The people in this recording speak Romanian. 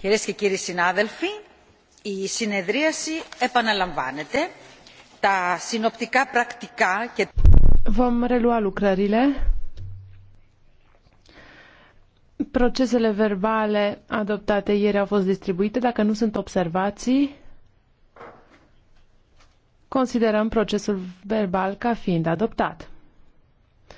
Κυρίες και κύριοι συνάδελφοι, η συνεδρίαση επαναλαμβάνεται. Τα συνοπτικά πρακτικά και... Vom relua lucrările. Procesele verbale adoptate ieri au fost distribuite. Dacă nu sunt observații, considerăm procesul verbal ca fiind adoptat.